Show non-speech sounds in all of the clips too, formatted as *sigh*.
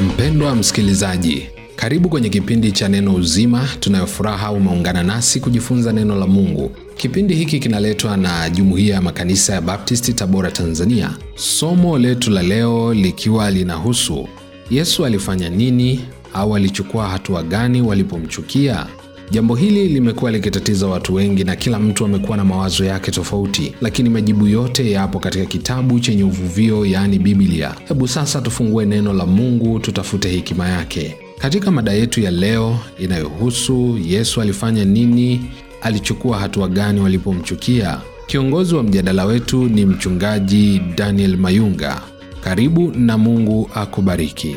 Mpendwa msikilizaji, karibu kwenye kipindi cha Neno Uzima. Tunayofuraha umeungana nasi kujifunza neno la Mungu. Kipindi hiki kinaletwa na Jumuiya ya Makanisa ya Baptisti, Tabora, Tanzania. Somo letu la leo likiwa linahusu Yesu alifanya nini au alichukua hatua gani walipomchukia? Jambo hili limekuwa likitatiza watu wengi na kila mtu amekuwa na mawazo yake tofauti, lakini majibu yote yapo katika kitabu chenye uvuvio, yaani Biblia. Hebu sasa tufungue neno la Mungu, tutafute hekima yake katika mada yetu ya leo inayohusu Yesu alifanya nini, alichukua hatua gani walipomchukia. Kiongozi wa mjadala wetu ni mchungaji Daniel Mayunga. Karibu na Mungu akubariki.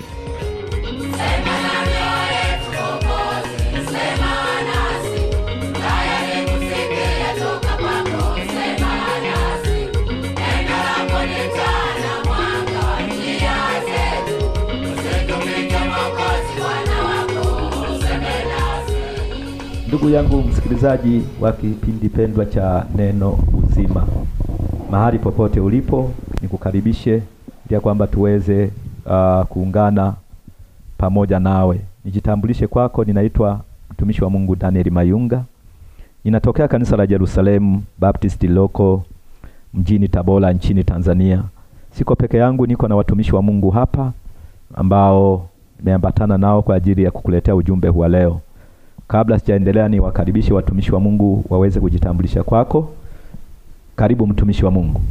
Ndugu yangu msikilizaji wa kipindi pendwa cha Neno Uzima, mahali popote ulipo, nikukaribishe ili kwamba tuweze uh, kuungana pamoja nawe. Nijitambulishe kwako, ninaitwa mtumishi wa Mungu Daniel Mayunga, ninatokea kanisa la Jerusalemu Baptist loko mjini Tabora nchini Tanzania. Siko peke yangu, niko na watumishi wa Mungu hapa ambao nimeambatana nao kwa ajili ya kukuletea ujumbe huwa leo. Kabla sijaendelea, ni wakaribishe watumishi wa Mungu waweze kujitambulisha kwako. Karibu mtumishi wa Mungu.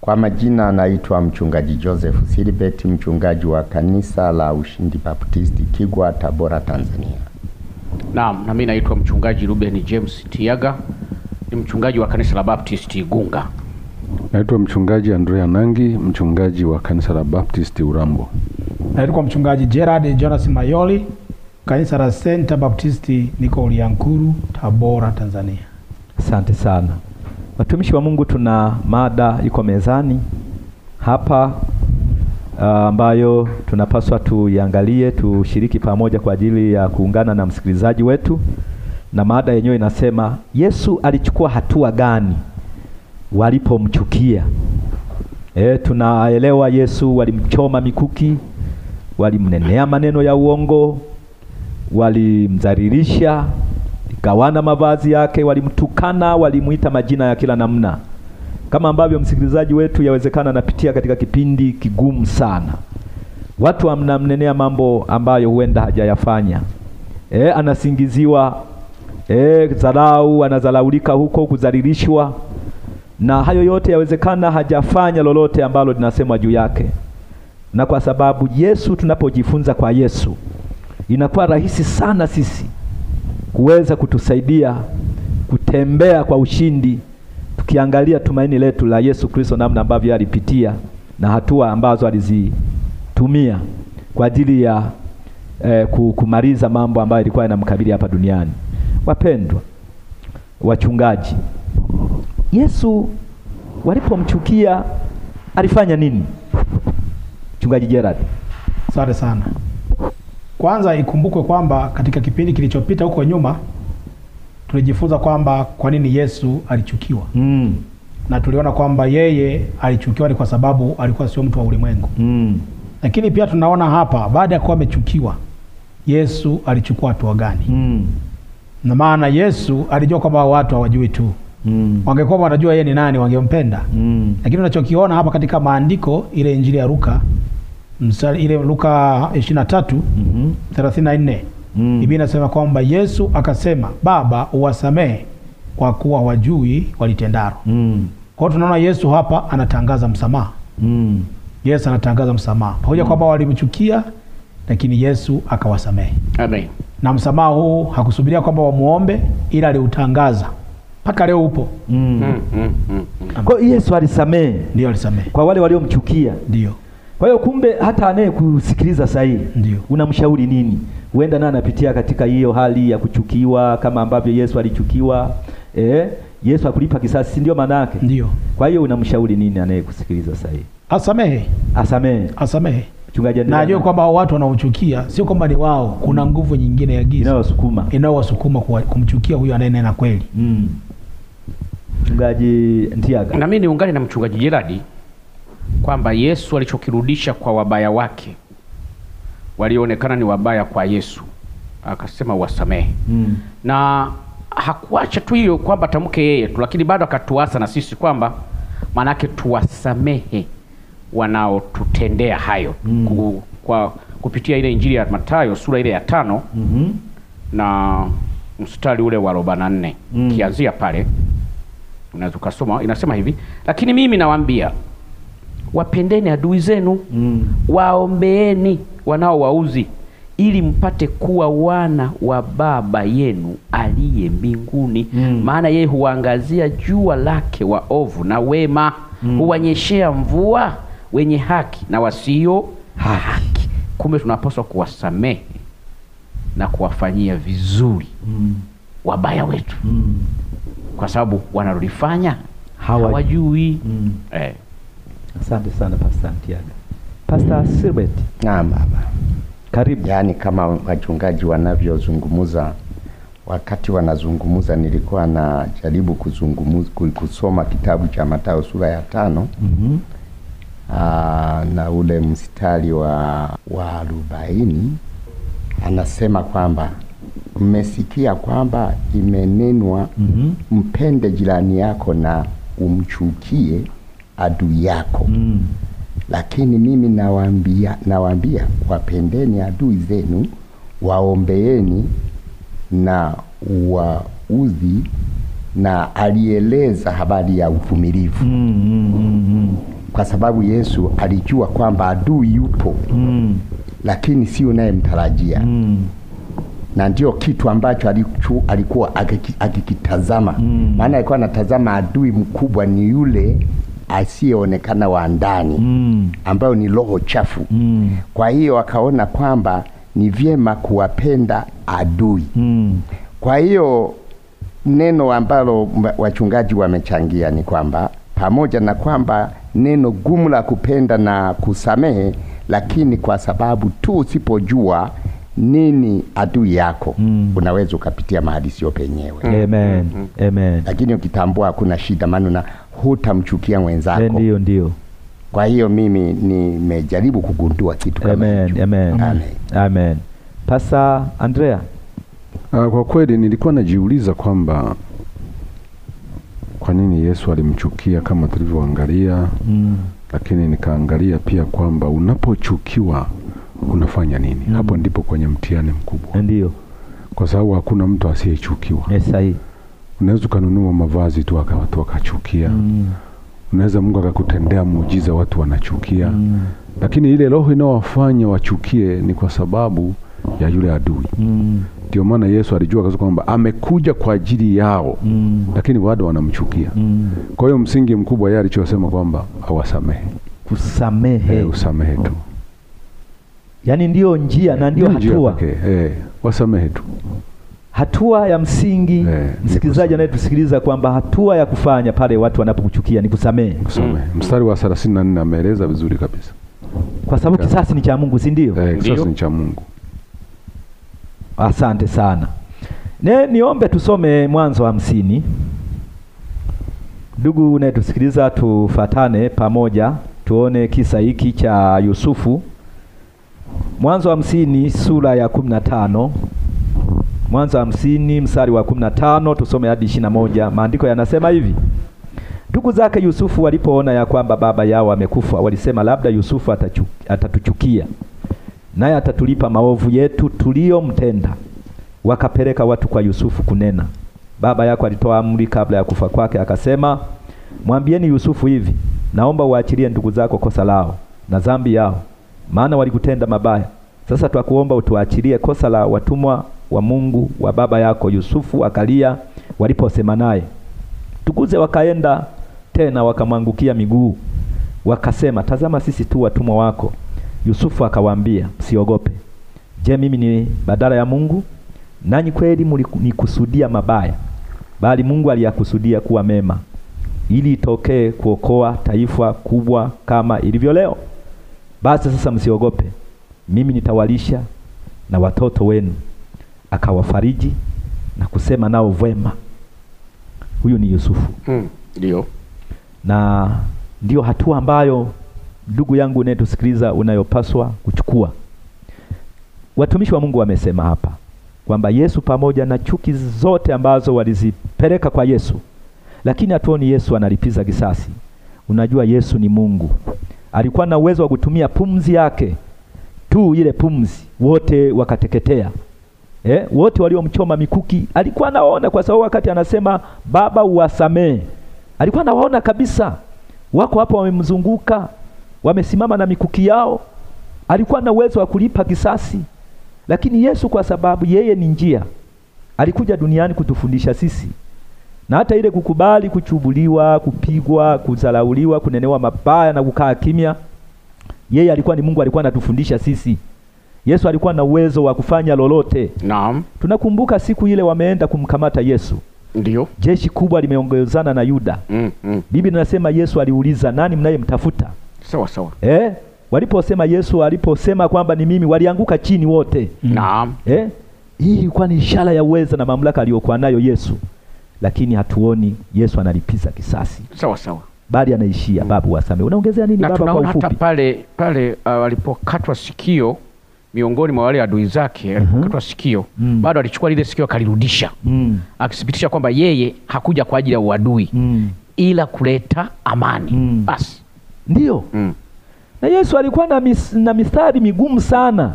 Kwa majina anaitwa mchungaji Joseph Silibeti, mchungaji wa kanisa la Ushindi Baptisti Kigwa, Tabora, Tanzania. Naam, na mimi naitwa mchungaji Ruben James Tiaga, ni mchungaji wa kanisa la Baptisti Igunga. Naitwa mchungaji Andrea Nangi, mchungaji wa kanisa la Baptisti Urambo. Naitwa mchungaji Gerard Jonas Mayoli, Kanisa la Senta Baptisti niko Uliankuru, Tabora, Tanzania. Asante sana watumishi wa Mungu, tuna mada iko mezani hapa ah, ambayo tunapaswa tuiangalie, tushiriki pamoja kwa ajili ya kuungana na msikilizaji wetu, na mada yenyewe inasema Yesu alichukua hatua gani walipomchukia? E, tunaelewa Yesu walimchoma mikuki, walimnenea maneno ya uongo walimdhalilisha, gawana mavazi yake, walimtukana, walimwita majina ya kila namna, kama ambavyo msikilizaji wetu yawezekana anapitia katika kipindi kigumu sana. Watu amnamnenea mambo ambayo huenda hajayafanya. E, anasingiziwa e, dharau, anadharaulika huko, kudhalilishwa, na hayo yote yawezekana hajafanya lolote ambalo linasemwa juu yake. Na kwa sababu Yesu, tunapojifunza kwa Yesu inakuwa rahisi sana sisi kuweza kutusaidia kutembea kwa ushindi, tukiangalia tumaini letu la Yesu Kristo, namna ambavyo alipitia na hatua ambazo alizitumia kwa ajili ya eh, kumaliza mambo ambayo ilikuwa inamkabili hapa duniani. Wapendwa wachungaji, Yesu walipomchukia alifanya nini? Mchungaji Gerard, asante sana. Kwanza ikumbukwe kwamba katika kipindi kilichopita huko nyuma tulijifunza kwamba kwa nini Yesu alichukiwa mm. na tuliona kwamba yeye alichukiwa ni kwa sababu alikuwa sio mtu wa ulimwengu mm. Lakini pia tunaona hapa baada ya kuwa amechukiwa Yesu alichukua hatua gani? mm. na maana Yesu alijua kwamba watu hawajui tu Mm. Wangekuwa wanajua yeye ni nani, wangempenda. Mm. Lakini unachokiona hapa katika maandiko, ile Injili ya Luka mstari ile Luka 23 mm -hmm. 34 mm. Biblia inasema kwamba Yesu akasema, Baba uwasamehe kwa kuwa wajui walitendaro. mm. Kwa hiyo tunaona Yesu hapa anatangaza msamaha. mm. Yesu anatangaza msamaha pamoja mm. kwamba walimchukia, lakini Yesu akawasamehe. Amen. Na msamaha huu hakusubiria kwamba wamuombe, ila aliutangaza Paka leo upo. mm. Mm, mm, mm, mm. Kwa hiyo Yesu alisamehe, ndio alisamehe kwa wale waliomchukia, ndio kwa hiyo kumbe hata anayekusikiliza sasa hivi unamshauri nini? Huenda naye anapitia katika hiyo hali ya kuchukiwa kama ambavyo Yesu alichukiwa. Eh, Yesu akulipa kisasi, si ndio maana yake? Ndio. Kwa hiyo unamshauri nini anayekusikiliza sasa hivi? Asamehe. Asamehe. Asamehe. Mchungaji, najua kwamba watu wanaochukia sio kwamba ni wao, kuna mm. nguvu nyingine ya giza inayowasukuma inayowasukuma kumchukia huyo anayenena kweli. Mm. Mchungaji Ntiaga. Na mimi niungane na mchungaji Jeradi kwamba Yesu alichokirudisha kwa wabaya wake walioonekana ni wabaya kwa Yesu akasema wasamehe. Mm. Na hakuacha tu hiyo kwamba tamke yeye tu, lakini bado akatuasa na sisi kwamba maanake tuwasamehe wanaotutendea hayo. Mm. Kuhu, kwa kupitia ile Injili ya Mathayo sura ile ya tano mm -hmm. na mstari ule wa arobaini na nne mm. kianzia pale unaweza ukasoma, inasema hivi: lakini mimi nawaambia wapendeni adui zenu mm. waombeeni wanaowauzi ili mpate kuwa wana wa Baba yenu aliye mbinguni mm. maana yeye huwaangazia jua lake waovu na wema mm. huwanyeshea mvua wenye haki na wasio haki. Kumbe tunapaswa kuwasamehe na kuwafanyia vizuri mm. wabaya wetu mm. kwa sababu wanalolifanya hawajui mm. eh. Asante sana Pastor Santiago. Pastor Silbert. Naam baba. Karibu. Yaani kama wachungaji wanavyozungumza wakati wanazungumza nilikuwa najaribu kuzungumza kusoma kitabu cha Mathayo sura ya tano mm -hmm. Aa, ah, na ule mstari wa wa arobaini anasema kwamba mmesikia kwamba imenenwa mm -hmm. mpende jirani yako na umchukie adui yako mm. Lakini mimi nawaambia, nawaambia wapendeni adui zenu, waombeeni na wauzi na alieleza habari ya uvumilivu mm, mm, mm, mm. Kwa sababu Yesu alijua kwamba adui yupo mm. Lakini si unayemtarajia mm. Na ndio kitu ambacho aliku, alikuwa akikitazama mm. maana Alikuwa anatazama adui mkubwa ni yule asiyeonekana wa ndani mm. ambayo ni roho chafu mm. Kwa hiyo wakaona kwamba ni vyema kuwapenda adui mm. Kwa hiyo neno ambalo wachungaji wamechangia ni kwamba pamoja na kwamba neno gumu la kupenda na kusamehe, lakini kwa sababu tu usipojua nini adui yako mm. unaweza ukapitia mahadisio sio penyewe. Mm. Amen. Mm. Amen. Lakini ukitambua hakuna shida, maana na hutamchukia mwenzako. Eh, ndio, ndio. Kwa hiyo mimi nimejaribu kugundua kitu kama Amen. Amen. Amen. Mm. Amen. Pasa Andrea. Uh, kwa kweli nilikuwa najiuliza kwamba kwa nini Yesu alimchukia kama tulivyoangalia mm. Lakini nikaangalia pia kwamba unapochukiwa unafanya nini? mm. Hapo ndipo kwenye mtihani mkubwa. Ndio. Kwa sababu hakuna mtu asiyechukiwa. Yes, sahihi. Unaweza ukanunua mavazi tu watu wakachukia. mm. Unaweza Mungu akakutendea muujiza watu wanachukia. mm. Lakini ile roho inayowafanya wachukie ni kwa sababu ya yule adui. Mm. Ndio mm. maana Yesu alijua kwamba amekuja kwa ajili yao mm. lakini bado wanamchukia. Mm. Kwa hiyo msingi mkubwa yeye alichosema kwamba awasamehe. Kusamehe. Eh, usamehe tu yaani ndio njia na ndio hatua eh, wasamehe tu hatua ya msingi eh, msikilizaji anayetusikiliza kwamba hatua ya kufanya pale watu wanapokuchukia ni kusamehe. Mm. Mstari wa 34 ameeleza vizuri kabisa, kwa sababu kisasi ni cha Mungu, si ndio? Eh, kisasi ni cha Mungu. Asante sana. Ne, niombe tusome Mwanzo wa hamsini. Ndugu unayetusikiliza, tufatane pamoja tuone kisa hiki cha Yusufu Mwanzo wa hamsini sura ya kumi na tano Mwanzo wa hamsini msari wa kumi na tano tusome hadi ishirini na moja Maandiko yanasema hivi: Ndugu zake Yusufu walipoona ya kwamba baba yao amekufa, walisema labda Yusufu atatuchukia naye atatulipa maovu yetu tuliyomtenda. Wakapeleka watu kwa Yusufu kunena, baba yako alitoa amri kabla ya kufa kwake, akasema, mwambieni Yusufu hivi, naomba uachilie ndugu zako kosa lao na dhambi yao maana walikutenda mabaya. Sasa twakuomba utuachilie kosa la watumwa wa Mungu wa baba yako Yusufu akalia waliposema naye. Tukuze wakaenda tena wakamwangukia miguu, wakasema, tazama sisi tu watumwa wako. Yusufu akawaambia, msiogope. Je, mimi ni badala ya Mungu? Nanyi kweli mlinikusudia mabaya, bali Mungu aliyakusudia kuwa mema, ili itokee kuokoa taifa kubwa kama ilivyo leo. Basi sasa msiogope, mimi nitawalisha na watoto wenu. Akawafariji na kusema nao vema. Huyu ni Yusufu. Hmm, ndio. Mm, na ndio hatua ambayo ndugu yangu unayetusikiliza unayopaswa kuchukua. Watumishi wa Mungu wamesema hapa kwamba Yesu pamoja na chuki zote ambazo walizipeleka kwa Yesu, lakini hatuoni Yesu analipiza kisasi. Unajua Yesu ni Mungu alikuwa na uwezo wa kutumia pumzi yake tu, ile pumzi, wote wakateketea. Eh, wote waliomchoma mikuki alikuwa anaona, kwa sababu wakati anasema Baba uwasamee, alikuwa anawaona kabisa, wako hapo wamemzunguka, wamesimama na mikuki yao. Alikuwa na uwezo wa kulipa kisasi, lakini Yesu kwa sababu yeye ni njia, alikuja duniani kutufundisha sisi na hata ile kukubali kuchubuliwa, kupigwa, kudharauliwa, kunenewa mabaya na kukaa kimya. Yeye alikuwa ni Mungu, alikuwa anatufundisha sisi. Yesu alikuwa na uwezo wa kufanya lolote. Naam. Tunakumbuka siku ile wameenda kumkamata Yesu. Ndiyo. Jeshi kubwa limeongozana na Yuda. Mm, mm. Biblia inasema Yesu aliuliza, nani mnayemtafuta? Sawa sawa. Eh? Waliposema Yesu aliposema kwamba ni mimi, walianguka chini wote. Naam. Eh? Hii ilikuwa ni ishara ya uweza na mamlaka aliyokuwa nayo Yesu lakini hatuoni Yesu analipiza kisasi sawa sawa, bali anaishia mm. Babu wasamehe. Unaongezea nini baba? Kwa ufupi, hata pale pale walipokatwa uh, sikio miongoni mwa wale adui zake mhm. alipokatwa sikio mm. bado alichukua lile sikio akalirudisha, mm. akithibitisha kwamba yeye hakuja kwa ajili ya uadui mm. ila kuleta amani mm. basi ndio mm. na Yesu alikuwa na, mis, na mistari migumu sana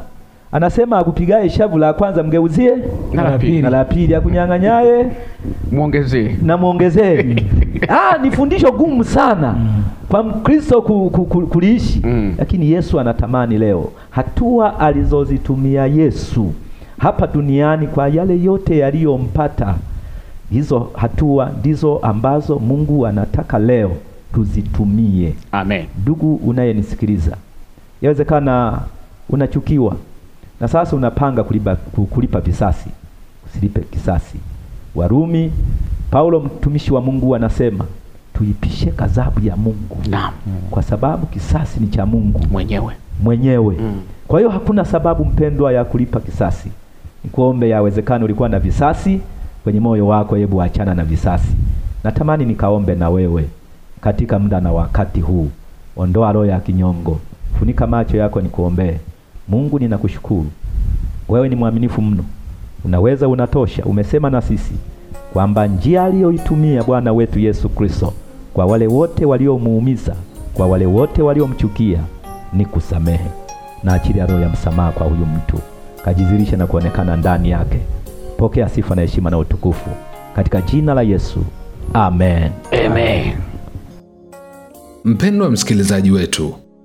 Anasema akupigaye shavu la kwanza mgeuzie na la pili, na la pili akunyang'anyaye muongezee na muongezee. *laughs* Ah, ni fundisho gumu sana mm. kwa Mkristo ku, ku, ku, kuliishi mm. Lakini Yesu anatamani leo hatua alizozitumia Yesu hapa duniani kwa yale yote yaliyompata, hizo hatua ndizo ambazo Mungu anataka leo tuzitumie. Amen. Ndugu unayenisikiliza, yawezekana unachukiwa na sasa unapanga kulipa, kulipa visasi, usilipe kisasi. Warumi, Paulo mtumishi wa Mungu anasema tuipishe kadhabu ya Mungu. Naam. Kwa sababu kisasi ni cha Mungu mwenyewe, mwenyewe. Mm. Kwa hiyo hakuna sababu mpendwa ya kulipa kisasi. Nikuombe, yawezekano ulikuwa na visasi kwenye moyo wako, hebu achana na visasi. Natamani nikaombe na wewe katika muda na wakati huu, ondoa roho ya kinyongo, funika macho yako nikuombee. Mungu ninakushukuru, wewe ni mwaminifu mno, unaweza, unatosha. Umesema na sisi kwamba njia aliyoitumia Bwana wetu Yesu Kristo kwa wale wote waliomuumiza, kwa wale wote waliomchukia ni kusamehe, na achilia roho ya msamaha kwa huyu mtu, kajizirisha na kuonekana ndani yake. Pokea sifa na heshima na utukufu katika jina la Yesu, amen, amen. Mpendwa msikilizaji wetu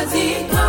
Kazi.